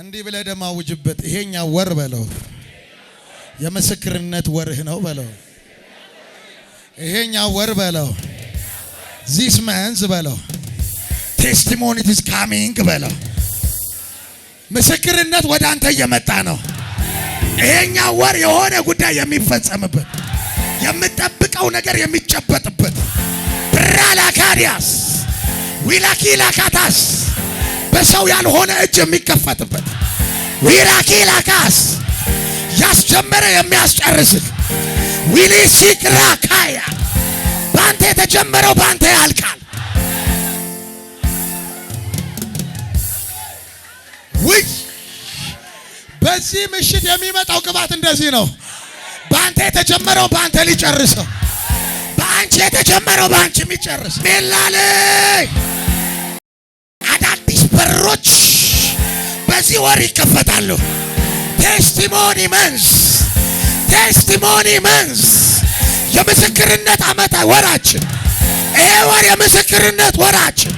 እንዲህ ብለህ ደግሞ አውጅበት። ይሄኛ ወር በለው የምስክርነት ወርህ ነው በለው። ይሄኛ ወር በለው ዚስ መንዝ በለው ቴስቲሞኒ ኢዝ ካሚንግ በለው። ምስክርነት ወደ አንተ እየመጣ ነው። ይሄኛ ወር የሆነ ጉዳይ የሚፈጸምበት የምጠብቀው ነገር የሚጨበጥበት ብራ ላካዲያስ ዊላኪ ላካታስ በሰው ያልሆነ እጅ የሚከፈትበት ዊራኪ ላካስ ያስጀመረ የሚያስጨርስል ዊሊ ሲክራካያ በአንተ የተጀመረው በአንተ ያልቃል። ውይ በዚህ ምሽት የሚመጣው ቅባት እንደዚህ ነው። በአንተ የተጀመረው በአንተ ሊጨርሰው፣ በአንቺ የተጀመረው በአንቺ የሚጨርስ ሜላሌ በሮች በዚህ ወር ይከፈታሉ። ቴስቲሞኒ መንዝ፣ ቴስቲሞኒ መንዝ፣ የምስክርነት አመት ወራችን። ይህ ወር የምስክርነት ወራችን፣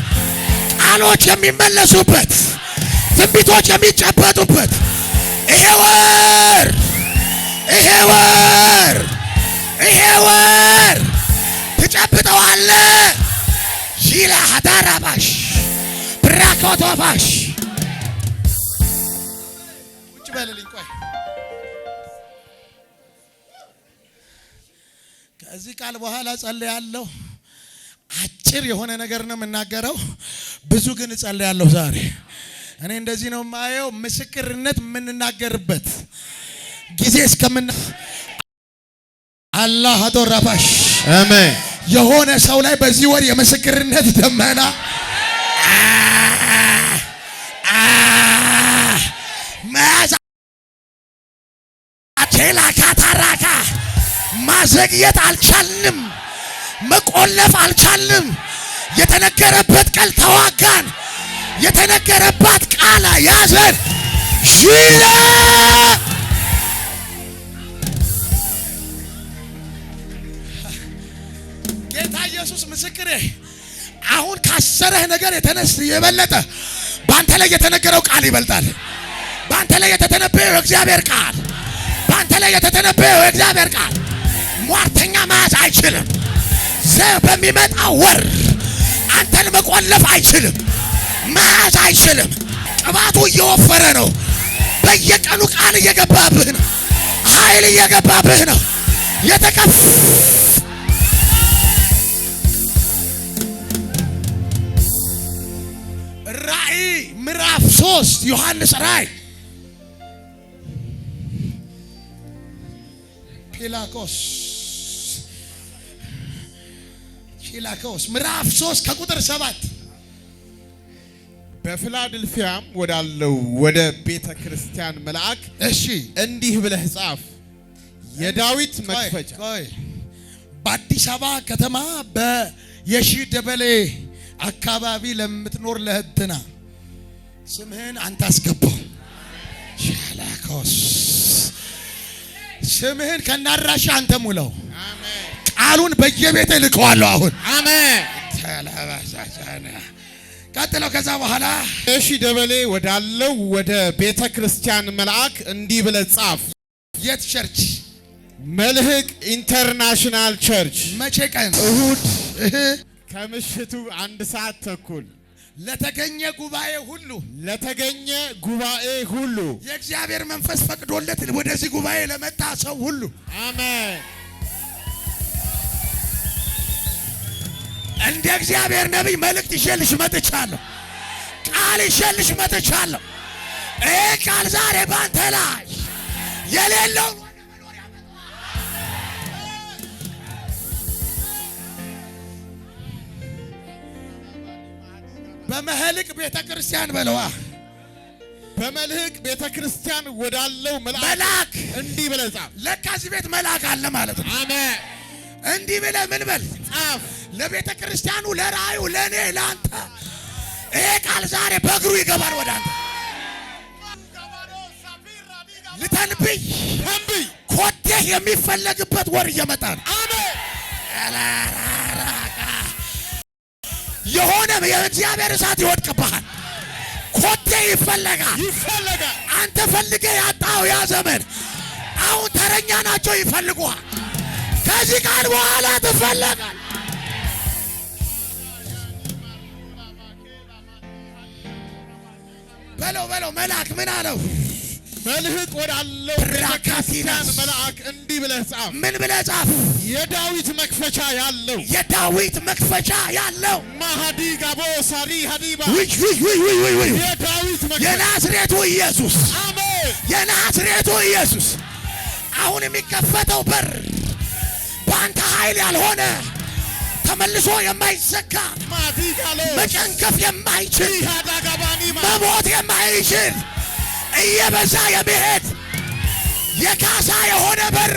ቃሎች የሚመለሱበት፣ ትንቢቶች የሚጨበጡበት ይሄ ወር ይሄ ወር ይሄ ወር ትጨብጠዋለ ሺላ ሀዳራባሽ ቶቶፋሽ ውጭ በልልኝ። ቆይ ከዚህ ቃል በኋላ ጸልያለሁ። አጭር የሆነ ነገር ነው የምናገረው፣ ብዙ ግን ጸልያለሁ። ዛሬ እኔ እንደዚህ ነው የማየው፣ ምስክርነት የምንናገርበት ጊዜ እስከምና አላህ አሜን። የሆነ ሰው ላይ በዚህ ወር የምስክርነት ደመና ማዘግየት አልቻልንም። መቆለፍ አልቻልንም። የተነገረበት ቃል ተዋጋን። የተነገረባት ቃል ያዘን። ሽለ ጌታ ኢየሱስ ምስክሬ፣ አሁን ካሰረህ ነገር የተነስ የበለጠ በአንተ ላይ የተነገረው ቃል ይበልጣል። በአንተ ላይ የተተነበየው የእግዚአብሔር ቃል በአንተ ላይ የተተነበየው የእግዚአብሔር ቃል ሟርተኛ መያዝ አይችልም። ዘህ በሚመጣ ወር አንተን መቆለፍ አይችልም፣ መያዝ አይችልም። ቅባቱ እየወፈረ ነው። በየቀኑ ቃል እየገባብህ ነው። ኃይል እየገባብህ ነው። የተቀፍ ራእይ ምዕራፍ ሶስት ዮሐንስ ራእይ ፒላቆስ ጢላከውስ ምዕራፍ 3 ከቁጥር 7 በፊላድልፊያም ወዳለው ወደ ቤተ ክርስቲያን መልአክ እሺ እንዲህ ብለህ ጻፍ፣ የዳዊት መክፈቻ በአዲስ አበባ ከተማ በየሺ ደበሌ አካባቢ ለምትኖር ለህትና ስምህን አንተ አስገባው። ሻላኮስ ስምህን ከናራሽ አንተ ሙለው ቃሉን በየቤት ልከዋለሁ። አሁን አሜን። ቀጥለው ከዛ በኋላ እሺ፣ ደበሌ ወዳለው ወደ ቤተ ክርስቲያን መልአክ እንዲህ ብለህ ጻፍ። የት ቸርች? መልህቅ ኢንተርናሽናል ቸርች። መቼ ቀን? እሁድ ከምሽቱ አንድ ሰዓት ተኩል ለተገኘ ጉባኤ ሁሉ ለተገኘ ጉባኤ ሁሉ የእግዚአብሔር መንፈስ ፈቅዶለት ወደዚህ ጉባኤ ለመጣ ሰው ሁሉ አሜን። እንደ እግዚአብሔር ነቢይ መልእክት ይሸልሽ መጥቻለሁ። ቃል ይሸልሽ መጥቻለሁ። ይህ ቃል ዛሬ ባንተ ላይ የሌለው በመልሕቅ ቤተ ክርስቲያን በለዋ በመልሕቅ ቤተ ክርስቲያን ወዳለው መልአክ እንዲህ ብለህ ጻፍ። ለካ እዚህ ቤት መልአክ አለ ማለት ነው። አሜን እንዲህ ብለህ ምን በል ጻፍ፣ ለቤተ ክርስቲያኑ፣ ለራዩ፣ ለእኔ፣ ለአንተ ይሄ ቃል ዛሬ በእግሩ ይገባል ወደ አንተ ልተንብይ ተንብይ ኮቴህ የሚፈለግበት ወር እየመጣ ነው። የሆነ የእግዚአብሔር እሳት ይወድቅብሃል። ኮቴህ ይፈለጋል። አንተ ፈልገህ ያጣው ያ ዘመን አሁን ተረኛ ናቸው ይፈልጉሃል። ከዚህ ቀን በኋላ ትፈለጋል። በለው በለው መልአክ ምን አለው? መልህቅ ወዳለው ራካሲላን መልአክ እንዲህ ብለህ ጻፍ። ምን ብለህ ጻፍ? የዳዊት መክፈቻ ያለው የዳዊት መክፈቻ ያለው ማሃዲ ጋቦ ሳሪ ሃዲባ ውይ ውይ ውይ ውይ ውይ ውይ የዳዊት መክፈቻ የናዝሬቱ ኢየሱስ አሜን። የናዝሬቱ ኢየሱስ አሁን የሚከፈተው በር በአንተ ኃይል ያልሆነ ተመልሶ የማይዘጋ መጨንከፍ የማይችል መሞት የማይችል እየበዛ የመሄድ የካሳ የሆነ በር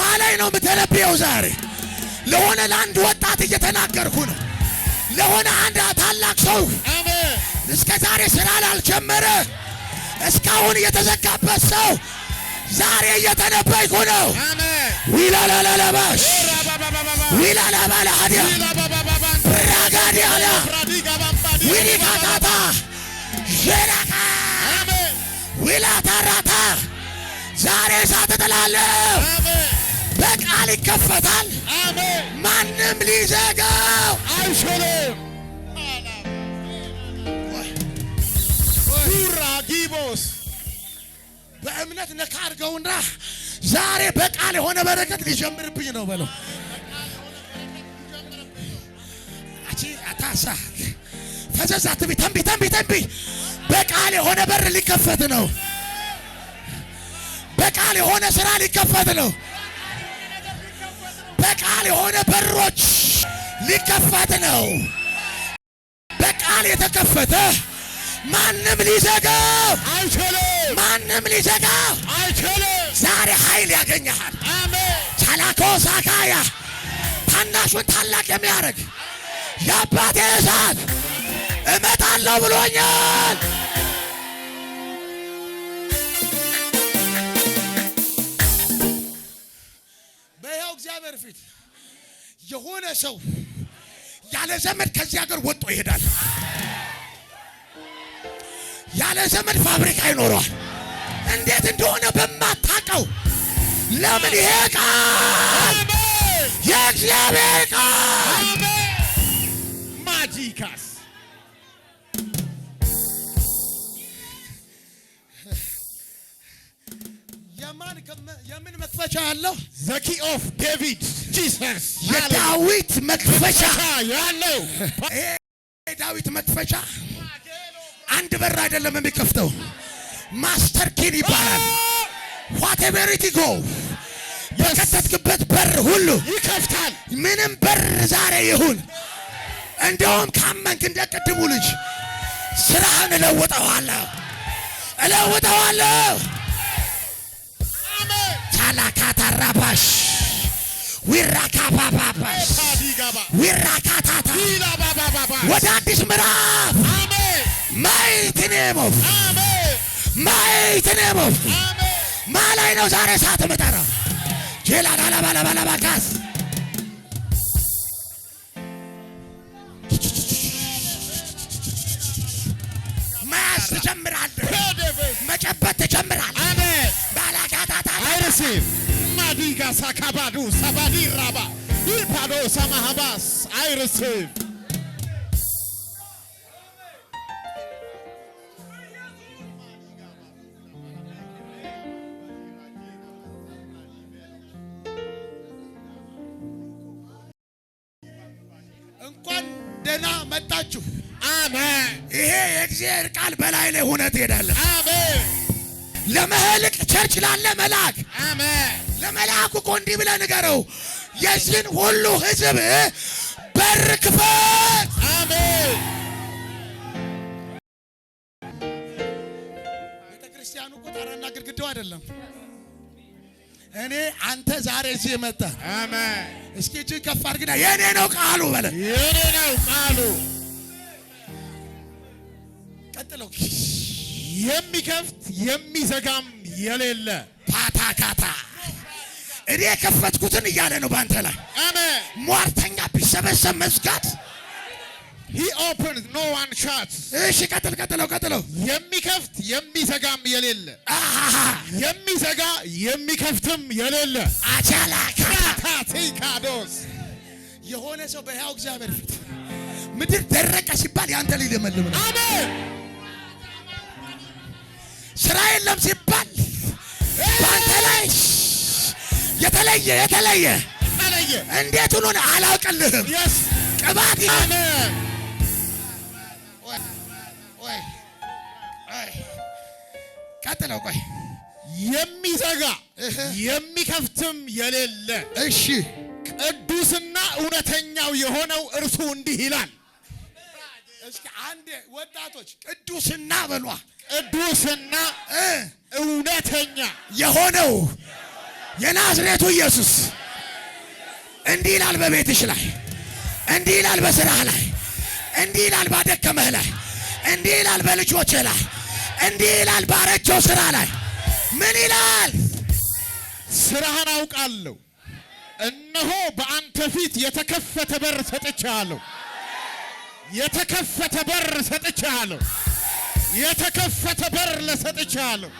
ማላይ ነው የምተነብየው። ዛሬ ለሆነ ለአንድ ወጣት እየተናገርኩ ነው። ለሆነ አንድ ታላቅ ሰው እስከ ዛሬ ስራ ላልጀመረ እስካሁን እየተዘጋበት ሰው ዛሬ እየተነበይኩ ነው። ዊላላላላባሽ ራጋዲያላ ዊኒካታታ ዊላታራታ ዛሬ እሳት እጥላለሁ። በቃል ይከፈታል። ማንም ሊዘጋው አይችልም። ራጊቦስ በእምነት ነካ አድርገውና ዛሬ በቃል የሆነ በረከት ሊጀምርብኝ ነው በለው። አቺ አታሳ ፈዘዛ ትቢ ተንቢ ተንቢ ተንቢ። በቃል የሆነ በር ሊከፈት ነው። በቃል የሆነ ስራ ሊከፈት ነው። በቃል የሆነ በሮች ሊከፈት ነው። በቃል የተከፈተ ማንም ሊዘጋ አይችልም። ማንም ሊዘጋ አይችልም። ዛሬ ኃይል ያገኘሃል። ቻላኮ ሳካያ ታናሹን ታላቅ የሚያደርግ የአባቴ እሳት እመጣለሁ ብሎኛል። በያው እግዚአብሔር ፊት የሆነ ሰው ያለ ዘመድ ከዚህ ሀገር ወጥቶ ይሄዳል። ያለ ዘመድ ፋብሪካ ይኖረዋል። እንዴት እንደሆነ በማታቀው ለምን ይሄ ቃል የእግዚአብሔር ቃል ማጂካስ የምን መክፈቻ ያለው ዘኪ ኦፍ ዴቪድ ጂሰስ የዳዊት መክፈቻ ያለው ዳዊት መክፈቻ አንድ በር አይደለም የሚከፍተው፣ ማስተር ኪን ይባላል። ኢት ጎ የከተትክበት በር ሁሉ ይከፍታል። ምንም በር ዛሬ ይሁን። እንደውም ካመንክ እንደ ቅድሙ ልጅ ስራህን እለውጠዋለሁ፣ እለውጠዋለሁ። ታላካታራባሽ ዊራካባባባሽ ዊራካታታ ወደ አዲስ ምዕራፍ ማየት ነው ማየት ነው ማላይ ነው ዛሬ ሰዓት መጠራ ጄላ ዳላ ትጀምራለህ፣ መጨበጥ ትጀምራለህ። አሜን ባላካታታ አይረሲም ማዲጋ ሰባዲ ራባ ይባዶ ሰማሃባስ አይረሲም መጣችሁ። አሜን። ይሄ የእግዚአብሔር ቃል በላይ ላይ ሆነ ትሄዳለህ። አሜን። ለመልሕቅ ቸርች ላለ መልአክ አሜን። ለመልአኩ እኮ እንዲህ ብለህ ንገረው፣ የዚህን ሁሉ ህዝብ በር ክፈት። አሜን። ቤተ ክርስቲያኑ ግድግዳው አይደለም። እኔ አንተ ዛሬ እዚህ የመጣ አሜን። እስኪ እጅ ከፍ አድርግና የኔ ነው ቃሉ በለ። የኔ ነው ቃሉ ቀጥለው የሚከፍት የሚዘጋም የሌለ ፓታካታ እኔ የከፈትኩትን እያለ ነው በአንተ ላይ አሜን። ሟርተኛ ቢሰበሰብ መዝጋት ሂ ኦፕንስ ኖ ዋን ሻትስ። እሺ ቀጥል ቀጥለው ቀጥለው። የሚከፍት የሚዘጋም የሌለ የሚዘጋ የሚከፍትም የሌለ አቻላ ካዶስ የሆነ ሰው በሕያው እግዚአብሔር ፊት ምድር ደረቀ ሲባል ያንተ ሊለመልም ነው። አሜን። ስራ የለም ሲባል ባንተ ላይ የተለየ የተለየ እንዴት ሆኖ አላውቅልህም ቅባት ቀጥለው ቆይ የሚዘጋ የሚከፍትም የሌለ እሺ ቅዱስና እውነተኛው የሆነው እርሱ እንዲህ ይላል። እስኪ አንዴ ወጣቶች ቅዱስና በሏ። ቅዱስና እውነተኛ የሆነው የናዝሬቱ ኢየሱስ እንዲህ ይላል። በቤትሽ ላይ እንዲህ ይላል፣ በስራህ ላይ እንዲህ ይላል፣ ባደከመህ ላይ እንዲህ ይላል፣ በልጆችህ ላይ እንዲህ ይላል። ባረቸው ስራ ላይ ምን ይላል? ስራህን አውቃለሁ፣ እነሆ በአንተ ፊት የተከፈተ በር ሰጥቻለሁ። የተከፈተ በር ሰጥቻለሁ። የተከፈተ በር ለሰጥቻለሁ።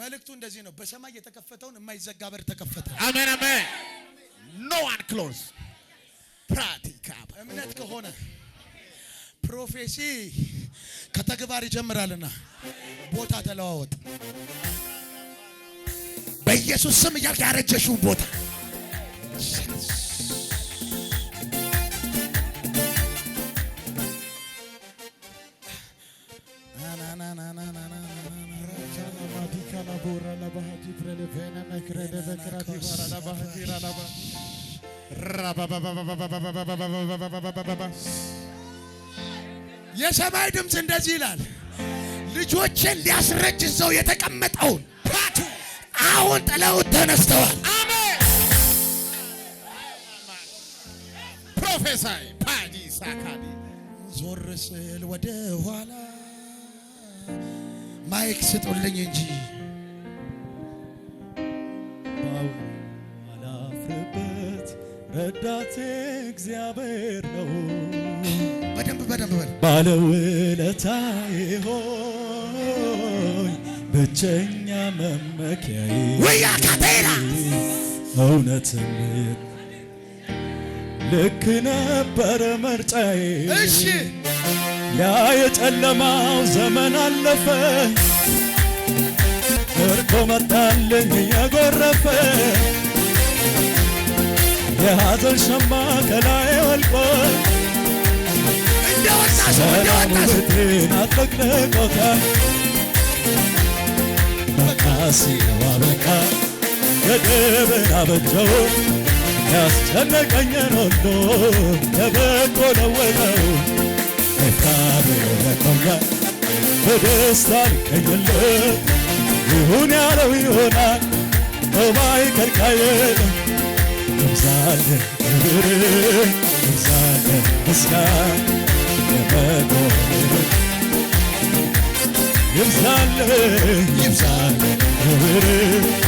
መልእክቱ እንደዚህ ነው። በሰማይ የተከፈተውን የማይዘጋ በር ተከፈተ። አሜን አሜን። ኖ ዋን ክሎዝ ፕራቲካ እምነት ከሆነ ፕሮፌሲ ከተግባር ይጀምራልና ቦታ ተለዋወጥ። በኢየሱስ ስም እያልክ ያረጀሽውን ቦታ የሰማይ ድምፅ እንደዚህ ይላል፣ ልጆችን ሊያስረጅ ሰው የተቀመጠውን ፓቱ አሁን ጥለውት ተነስተዋል። አሜን ፕሮፌሳይ ፓዲ ሳካዲ ዞር ስል ወደ ኋላ ማይክ ስጡልኝ እንጂ አላፍርበት ረዳቴ እግዚአብሔር ነው። በደንብ በል። ባለውለታዬ ሆይ ብቸኛ መመኪያዬ ወያ ካቴራ እውነትም ልክ ነበረ መርጫዬ። እሺ ያ የጨለማው ዘመን አለፈ፣ እርቆ መጣልኝ እየጎረፈ የሐዘን ሸማ ከላይ ወልቆ እውነቴን አጥለቅልቆታል። ያስጨነቀኝን ሁሉ ለበጎ ለወጠው በደስታ ይሁን ያለው ይሆናል በማይ ከልካዬ ምስጋና የበጎ ይብዛል ይብዛል ክብር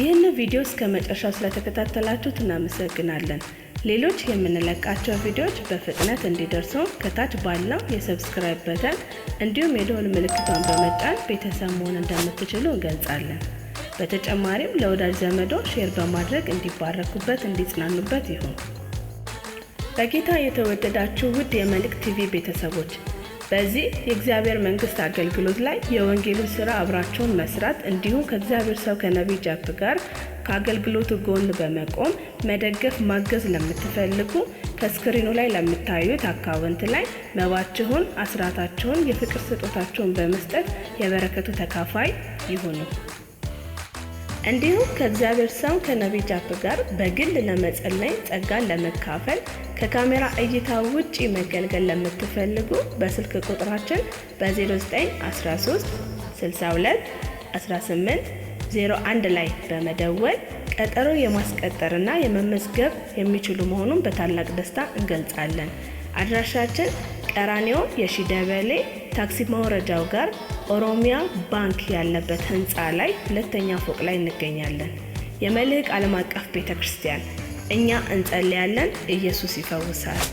ይህን ቪዲዮ እስከ መጨረሻው ስለተከታተላችሁት እናመሰግናለን። ሌሎች የምንለቃቸው ቪዲዮዎች በፍጥነት እንዲደርሱ ከታች ባለው የሰብስክራይብ በተን እንዲሁም የደወል ምልክቷን በመጫን ቤተሰብ መሆን እንደምትችሉ እንገልጻለን። በተጨማሪም ለወዳጅ ዘመዶ ሼር በማድረግ እንዲባረኩበት፣ እንዲጽናኑበት ይሁን። በጌታ የተወደዳችሁ ውድ የመልሕቅ ቲቪ ቤተሰቦች በዚህ የእግዚአብሔር መንግስት አገልግሎት ላይ የወንጌልን ስራ አብራቸውን መስራት እንዲሁም ከእግዚአብሔር ሰው ከነቢይ ጃፕ ጋር ከአገልግሎቱ ጎን በመቆም መደገፍ ማገዝ ለምትፈልጉ ከስክሪኑ ላይ ለምታዩት አካውንት ላይ መባችሁን፣ አስራታችሁን፣ የፍቅር ስጦታችሁን በመስጠት የበረከቱ ተካፋይ ይሁኑ። እንዲሁም ከእግዚአብሔር ሰው ከነቢይ ጃፕ ጋር በግል ለመጸለይ ጸጋን ለመካፈል ከካሜራ እይታ ውጪ መገልገል ለምትፈልጉ በስልክ ቁጥራችን በ0913 62 18 01 ላይ በመደወል ቀጠሮ የማስቀጠርና የመመዝገብ የሚችሉ መሆኑን በታላቅ ደስታ እንገልጻለን። አድራሻችን ቀራኒዮ የሺደበሌ ታክሲ ማውረጃው ጋር ኦሮሚያ ባንክ ያለበት ህንፃ ላይ ሁለተኛ ፎቅ ላይ እንገኛለን። የመልህቅ ዓለም አቀፍ ቤተ ክርስቲያን እኛ እንጸልያለን፣ ኢየሱስ ይፈውሳል።